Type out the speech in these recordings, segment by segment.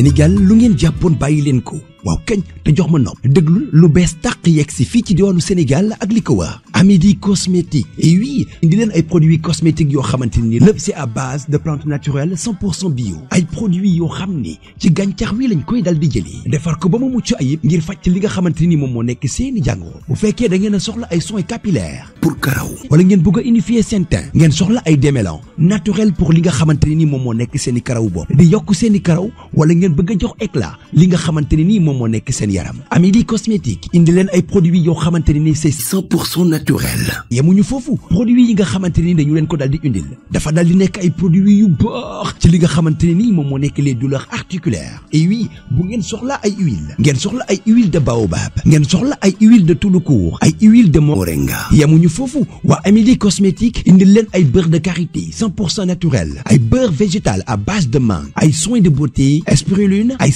Sénégal lu ngeen jàppoon bàyyi leen ko waaw kañ te jox ma nopp déglul lu bees tàq yegg si fii ci diwaanu Sénégal ak li ko wër Amidi cosmétique et oui indi leen ay produits cosmétiques yoo xamante ni lépp si à base de plantes naturelles 100 pour cent bio ay produit yoo xam ni ci gàncax wi lañ koy dal di jëlee defar ko ba mu mucc ayib ngir fàcc li nga xamante nii moom moo nekk seeni jàngoro bu fekkee da a soxla ay soins capillaires pour karaw wala ngeen bëgg unifier seen teint ngeen soxla ay démêlants naturels pour li nga xamante ni moom moo nekk seeni karaw bopp di yokk seeni karaw a jox éclat li moom moo nekk seen yaram Amidi cosmétique indi leen ay produits yoo xamante ne ni c'est cent pour cent naturel yemuñu foofu produits yi nga xamante ne ni dañu leen ko daal di indil dafa daal di nekk ay produits yu baax ci li nga xamante ne ni moo nekk les douleurs articulaires et oui bu ngeen soxla ay huile ngeen soxla ay huile de baobab ngeen soxla ay huile de touloukour ay huile ay beurre de karité cent pour cent naturel ay beurre végétal à base de ay soins de beauté spiruline ay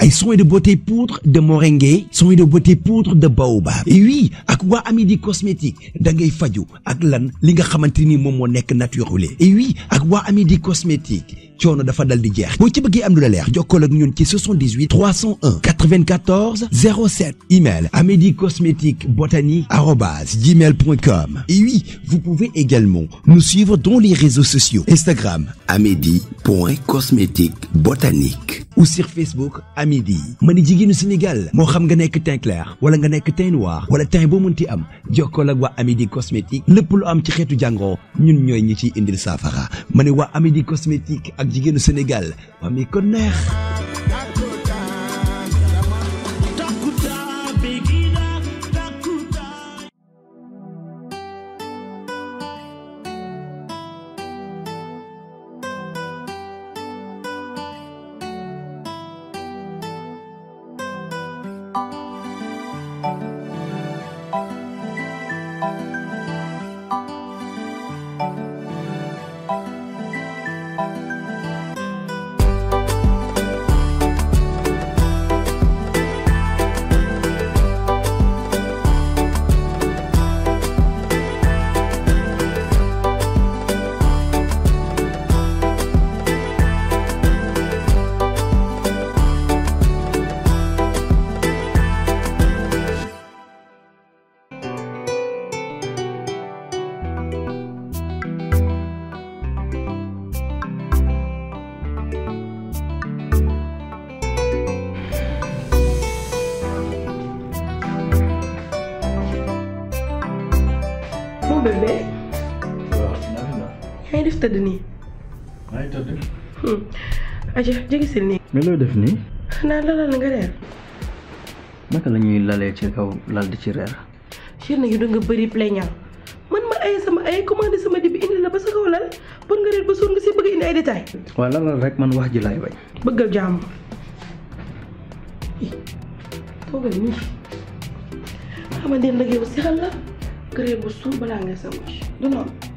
ay soins de beauté poudre de moringue soins de beauté poudre de baobab et oui ak waa Amidi cosmétique da ngay faju ak lan li nga xamante ni moom moo nekk naturel et oui ak waa di cosmétique coono dafa dal di jeex boo ci bëggee am lu la leer jokkool ak ñun ci 78 301 94 07 email amédi cosmétique botanique arobase gmail com et oui vous pouvez également nous suivre dans les réseaux sociaux Instagram amédi cosmétique botanique ou sur Facebook amédi ma ni jigéenu Sénégal moo xam nga nekk teint clair wala nga nekk teint noir wala teint boo mënti am jokkool ak waa amédi cosmétique lépp lu am ci xeetu jàngoro ñun ñooy ñi ciy indil saafara ma ne waa amédi cosmétique jigéenu Sénégal mami ko neex tëdd nii. maa ngi tëdd. Hmm. aja jege si nii. mais loo def nii. naa lalal nga reer. naka la ñuy lalee ci kaw lal di ci reer. yéen a ngi doon nga bëri plaignant man ma ay sama ay commandé sama dibi indi la ba sa kaw lal pour nga reer ba suur nga si bëgg indi ay détails. waaw lalal rek man wax ji laay bañ. bëggal jàmm. toogal nii xamante ne nag la nga reer ba suur balaa nga sangu du noonu.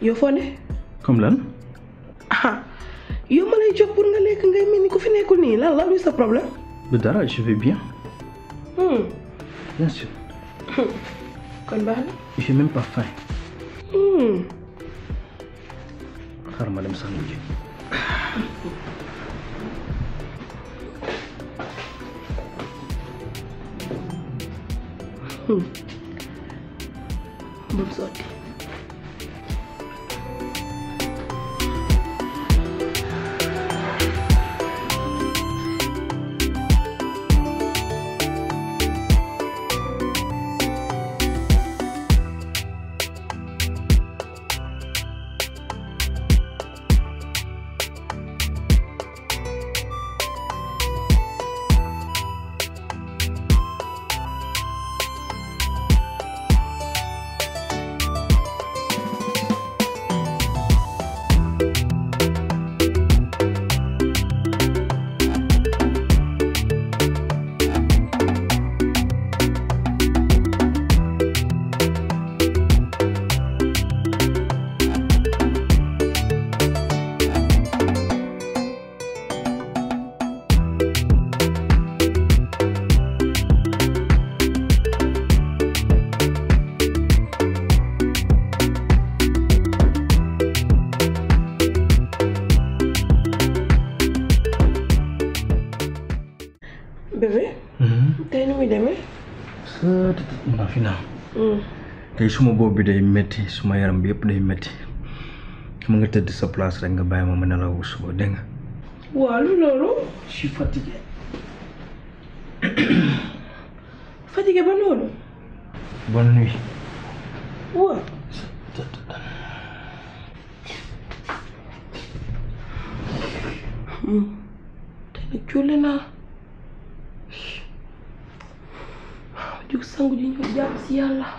yow foo ne. comme lan. ah yow ma lay jox nga lekk ku fi nekkul nii lan la luy sa problème. du dara je vais bien. Hmm. bien sûr. kon baax na. j'ai même pas faim. Hmm. xaaral ma dem sax mu ji. Hmm. tey suma bopp bi day metti suma yaram bi yëpp day métti xam nga tëdd sa place rek nga bàyyi ma ma nelaw suba dégg nga. waaw lu ba loolu. bonne nuit. waaw. Hmm. te nag julli naa jug sangu ji jàpp si yàlla.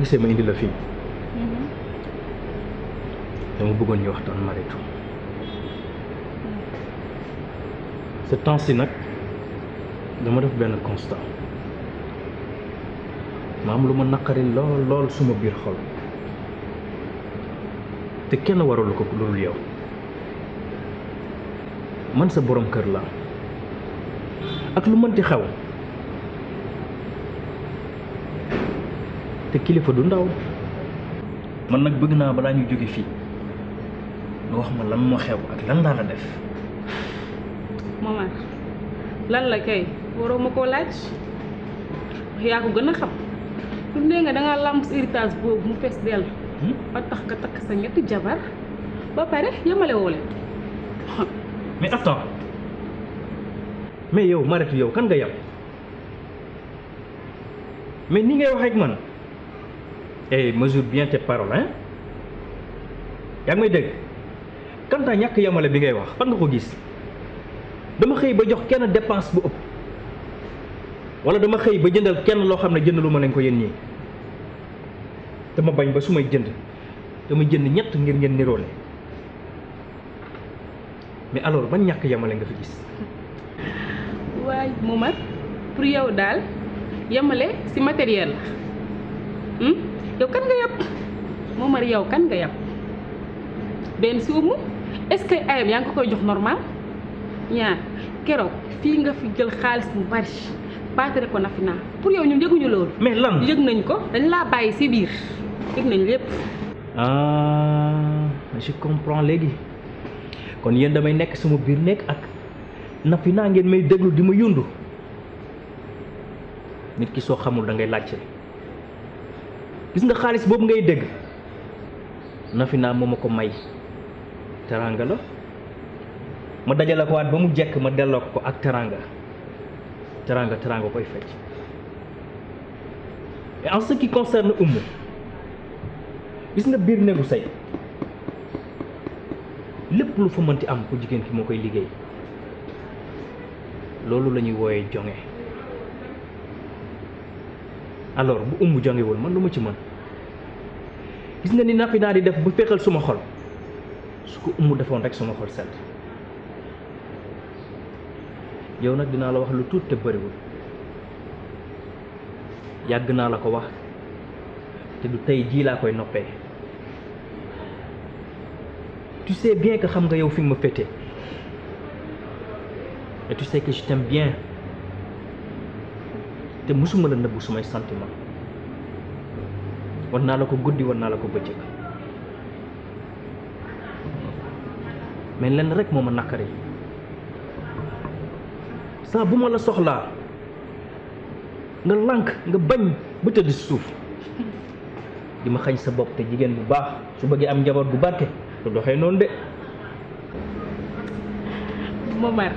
gisee ma indi la fii mm-hmm. dama bëggoon ñu waxtaan Maritu ce temps nag dama def benn constat ma lu ma naqari lool lool suma biir xol te kenn waralu ko loolu yow man sa boroom kër laa ak lu mënti xew te kilifa du ndaw man nag bëgg naa balaa ñuy jóge fii nga wax ma lan moo xew ak lan laa la def Momar lan la kay waroo ma koo laaj yaa gën a xam nee nga dangaa làmb sa héritage boobu mu fees dell hmm? ba tax nga takk sa ñetti jabar ba pare yemale woo leen mais attends mais yow Marietou yow kan nga yem mais ni ngay wax ak man et eh, mesure bien tes paroles hein yaa ngi may dégg kanta ñàkk yamale bi ngay wax fan nga ko gis dama xëy ba jox kenn dépense bu ëpp wala dama xëy ba jëndal kenn loo xam ne ma leen ko yenn ñii dama bañ ba su may jënd dama jënd ñett ngir ngeen niroole mais alors ban ñàkk yamale nga fi gis waay Momar pour yow daal yamale si matériel la hmm? yow kan nga yab Momar yow kan nga yab benn si umu ce que ayam yaa ngi ko koy jox normal ñaar keroog fii nga fi jël xaalis bu bari baatare ko na pour yow ñu yëguñu loolu. mais lan yëg nañ ko dañ laa bàyyi si biir yëg nañ lépp. ah je comprends léegi kon yéen damay nekk sama biir nekk ak na naa ngeen may déglu di ma yundu nit ki soo xamul dangay ngay gis nga xaalis boobu ngay dégg Nafina moo ma ko may teranga la ma dajale ko waat ba mu jekk ma delloo ko ak teranga teranga teranga koy fecc et qui concerne Oumou gis nga biir néegu say lépp lu fa mënti am ku jigéen ki moo koy liggéey loolu la ñuy wooyee jonge alors bu umb jàngewul man lu ma ci man gis na ni nappi naa di def bu féexal suma xol su ko umb defoon rek suma xol sedd yow nag dinaa la wax lu tuut te bëriwul yàgg naa la ko wax te du tey jii laa koy noppee tu bien que xam nga yow fi nga ma féete et tu sais que je bien te musuma la nëbbu sumay sentiment war naa la ko guddi war naa la ko bëccëg mais lenn rek moo ma naqari saa bu ma la soxlaa nga lànk nga bañ ba tëdd si suuf di ma xañ sa bopp te jigéen bu baax su bëggee am njaboot bu barke lu doxee noonu de Momar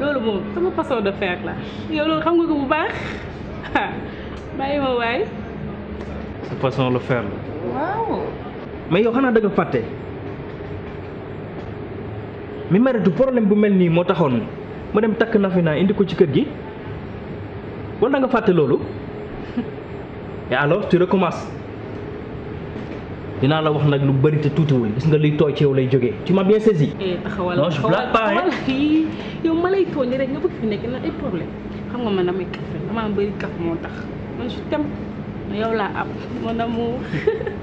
loolu moom sama façon de faire la yow loolu xam nga ko bu baax bàyyi ma waay. sa façon le faire la. waaw. mais yow xanaa dëgg fàtte. mi maritu problème bu mel nii moo taxoon ma dem takk na fi naa indi ko ci kër gi wala nga fàtte loolu et alors tu recommences dinaa la wax nag lu bari te tuutiwul gis nga luy tooy ci yow lay jóge ci m'as bien saisi. taxawal eh, taxawal non yow ma lay tooñ rek nga bëgg fi nekk na ay problème xam nga man damay kaf damaa bëri kaf moo tax man su tem yow laa am mon amour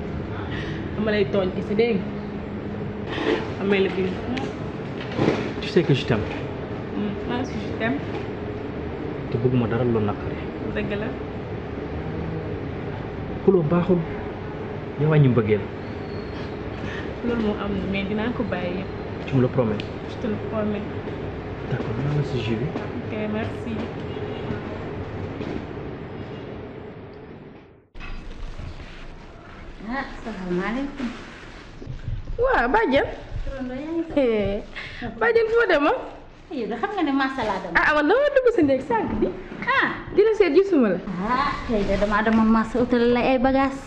dama lay tooñ kese dégg nga amee la bi tu sais que je t'aime moi hmm, aussi ah, bëgguma dara lu naqari dëgg la xuloo baaxul yaa wàññi mbëggeel loolu moo am na mais dinaa ko bàyyi yëpp tu me le promets je te naa la si jus bi ok merci salaamaaleykum. waaw bàjjen. bàjjen foo demoon. yow de nga ne macha laa demoon. ah man dama dugg si néeg sànq ah. di la seet gisuma la. ah tey de damaa demoon macha utal la ay bagages.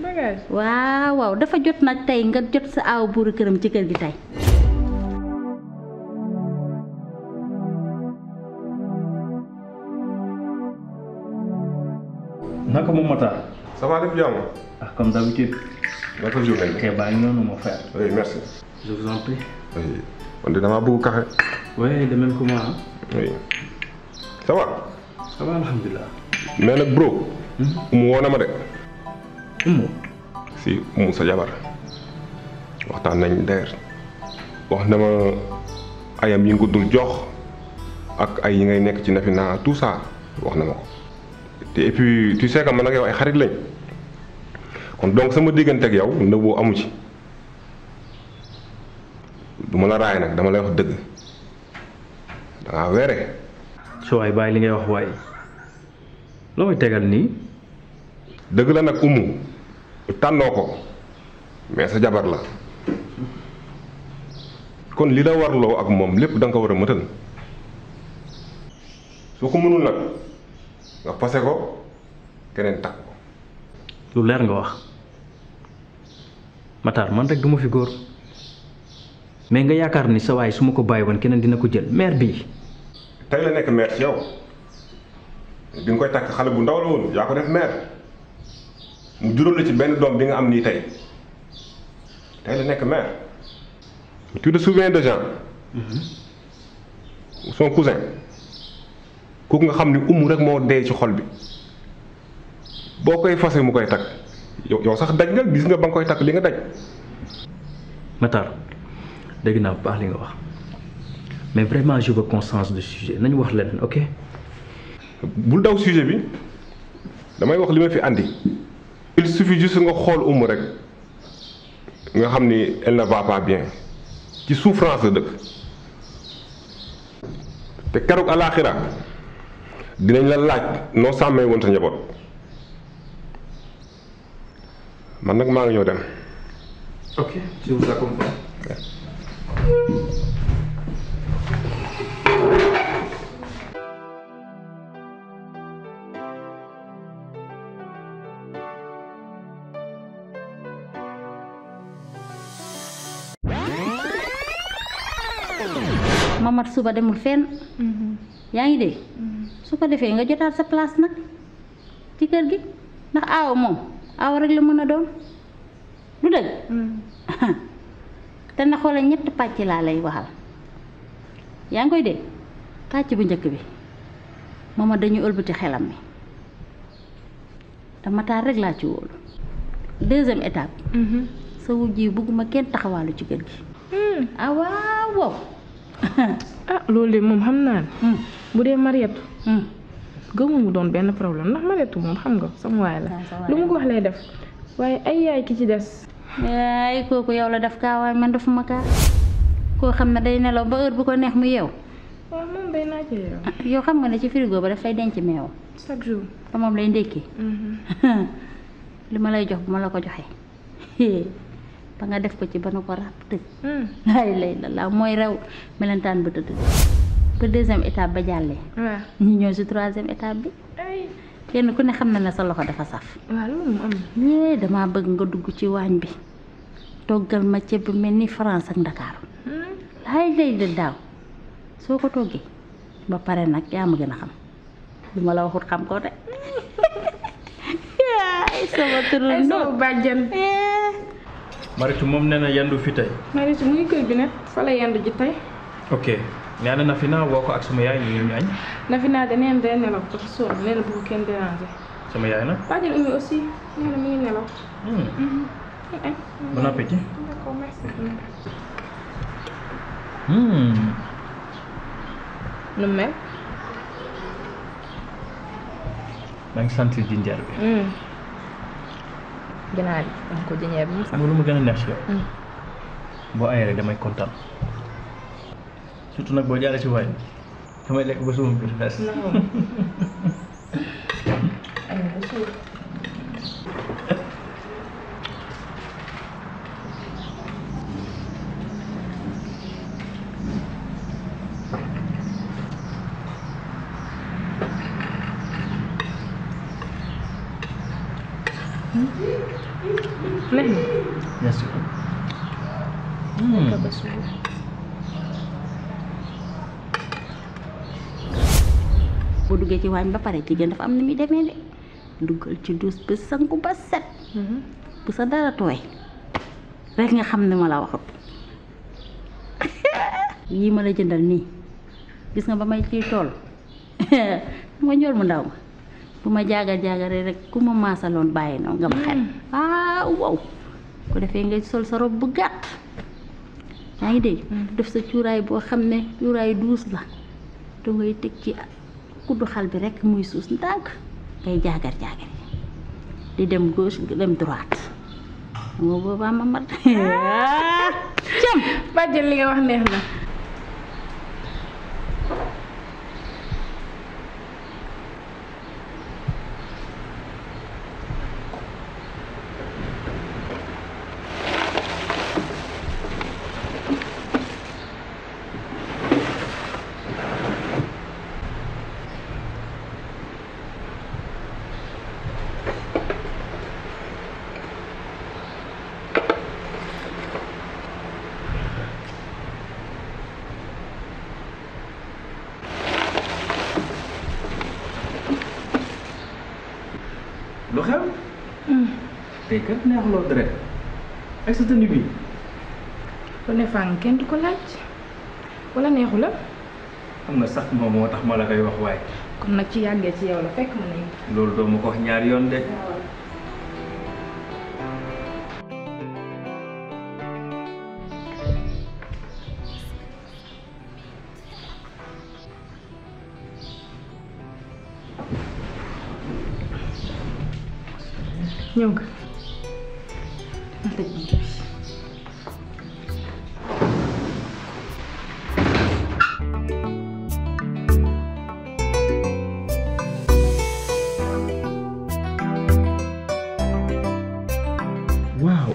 bagages waaw waaw dafa jot nag tey nga jot sa aaw buuru këram ci kër gi tey. naka mu mata. ça va def jàmm. Ah, comme d'habitude. Bonne journée. Ok, bah, non, mon frère. Oui, merci. Je ma boue carré. Oui, de même sa jabar. waxtaan nañ der wax na ma ayam yi nga jox ak ay yi ngay nekk ci nafi naa tout ça wax na ko te et puis tu sais que yow ay xarit lañ. kon donc sama diggante ak yow nëbboo amu ci du ma la raay nag dama lay wax dëgg dangaa weere su waay bàyyi li ngay wax waaye loo may tegal nii dëgg la nag umu tànnoo ko mais sa jabar la kon li la warloo ak moom lépp danga ko war a mëtal soo ko mënul nag nga pase ko keneen takk ko lu leer nga wax Matar man rek du fi góor mais nga yaakaar ni sa waay su ma ko bàyyi woon keneen dina ko jël maire bii. tey la nekk maire ci yow bi nga koy takk xale bu ndaw la woon yaa ko def maire mu juróom la ci benn doom bi nga am ni tey tey la nekk maire. tu te souviens de Jean. Mm-hmm. son cousin. kooku nga xam ni umu rek moo dee ci xol bi boo koy fase mu koy takk. yow yow sax daj nga gis nga ba nga koy takk li nga daj. Matar dégg naa bu baax li nga wax mais vraiment je veux conscience de sujet nañu wax leneen ok. bul daw sujet bi damay wax li ma fi àndi il suffit juste nga xool umu rek nga xam ni elle ne va pas bien ci souffrance la dëkk te keroog alaaxira dinañ la laaj noo sàmmee woon sa njaboot. man nag maa ngi ñëw dem. ok suba demul fenn. Mm-hmm. yaa ngi de mm-hmm. su ko defee nga jotaat sa place nag ci kër gi ndax aaw moom. aw rek la mën a doon du dëgg mm. te na xoolal ñetti pàcc laa lay waxal yaa ngi koy dégg pàcc bu njëkk bi mooma dañuy ëlbati xelam mi te taal rek laa ci wóolu deuxième étape mm-hmm. sa wujj yi bëgguma kenn taxawaalu ci kër gi mm. ah ah loolu de moom xam naa mm. bu dee Mariette gëmu mu doon benn problème ndax Marietou moom xam nga sama waay la ah, lu mu ko wax lay def waaye ay yaay ki ci des ay kooku yow la def kaa waaye man defuma kaa koo xam ne day nelaw ba heure bu ko neex mu yeew waaw day naaj yow xam nga ne ci frigo ba dafay denc meew chaque jour moom lay ndékki mhm. li ma lay jox bu ma la ko joxee ba nga def ko ci ba nu ko ràpp tëj ay hmm. lay la laa mooy rew melentaan ba tëdd ba deuxième étape ba jàllee. waaw ñu ñëw si troisième étape bi. kenn ku ne xam na ne sa loxo dafa saf. waaw dama bëgg nga dugg ci waañ bi toggal ma ceeb mel ni France ak Ndakaaru. laay day de soo ko toggee ba pare nag yaa ma gën a xam lu ma la waxut xam ko de. Maritu moom nee na yandu fi tey. Maritu mu ngi kër gi ne la yandu ji tey. nee na Nafina woo ko ak sama yaay ñu ngi ñaañ. Nafina de nee na day nelaw dafa sonn nee na bu kenn déranger. sama yaay na mu ngi nelaw. Hmm. Mm-hmm. Hmm. mel. maa ngi sentir bi. ginaar bi da nga ko jinjeer bi. Hmm. xam nga lu ma gën a neex si yow. boo aéré damay kontaan. surtout nag boo jaaree si waay damay lekk ba suuf bi fees. Merci. Mmh. boo duggee ci waañ ba pare jigéen dafa am na muy demee de duggal ci duus bi sangu ba set mm-hmm. bu sa dara tooy rek nga xam ne ma la waxut yii ma la jëndal nii gis nga ba may ciy tool nga ñool mu ndaw ma bu ma jaagar jaagaree rek ku ma maasaloon bàyyi na nga ma xel mm-hmm. waaw wow defee ngay sol sa rob gàtt yaa ngi dégg mm-hmm. def sa cuuraay boo xam ne cuuraay duus la dangay teg ci kuddu xal bi rek muy suus ndànk ngay jaagar jaagar di dem gauche dem droite moo boobaa ma mat ah! cam bàjjël li nga wax neex na lu xew. tey kat neexuloo deret ak sa tenue bi. lu ne fàng kenn du ko laaj wala neexu la. am na sax moom moo tax ma la koy wax waaye. kon nag ci yàggee ci yow la fekk ma ne. loolu doo ma ko wax ñaari yoon de. ñëw waaw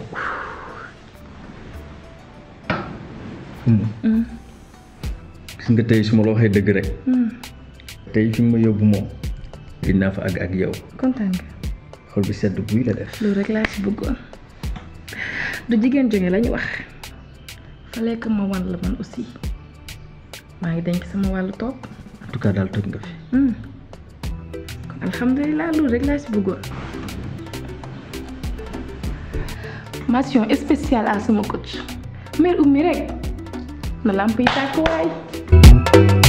gis nga tey su ma la waxee dëgg rek tey fi ma yóbbu moom dinaa fa àgg ak yow xol bi sedd buy la def. loolu rek laa ci bëggoon du jigéen jóge lañu wax fallait que ma wan man aussi maa ngi denc sama wàllu toog. en tout cas daal toj nga fi. Hmm. kon alhamdulilah loolu rek laa ci bëggoon. mention spéciale à sama coach mère Oumy rek na lamp yi tàkk waay.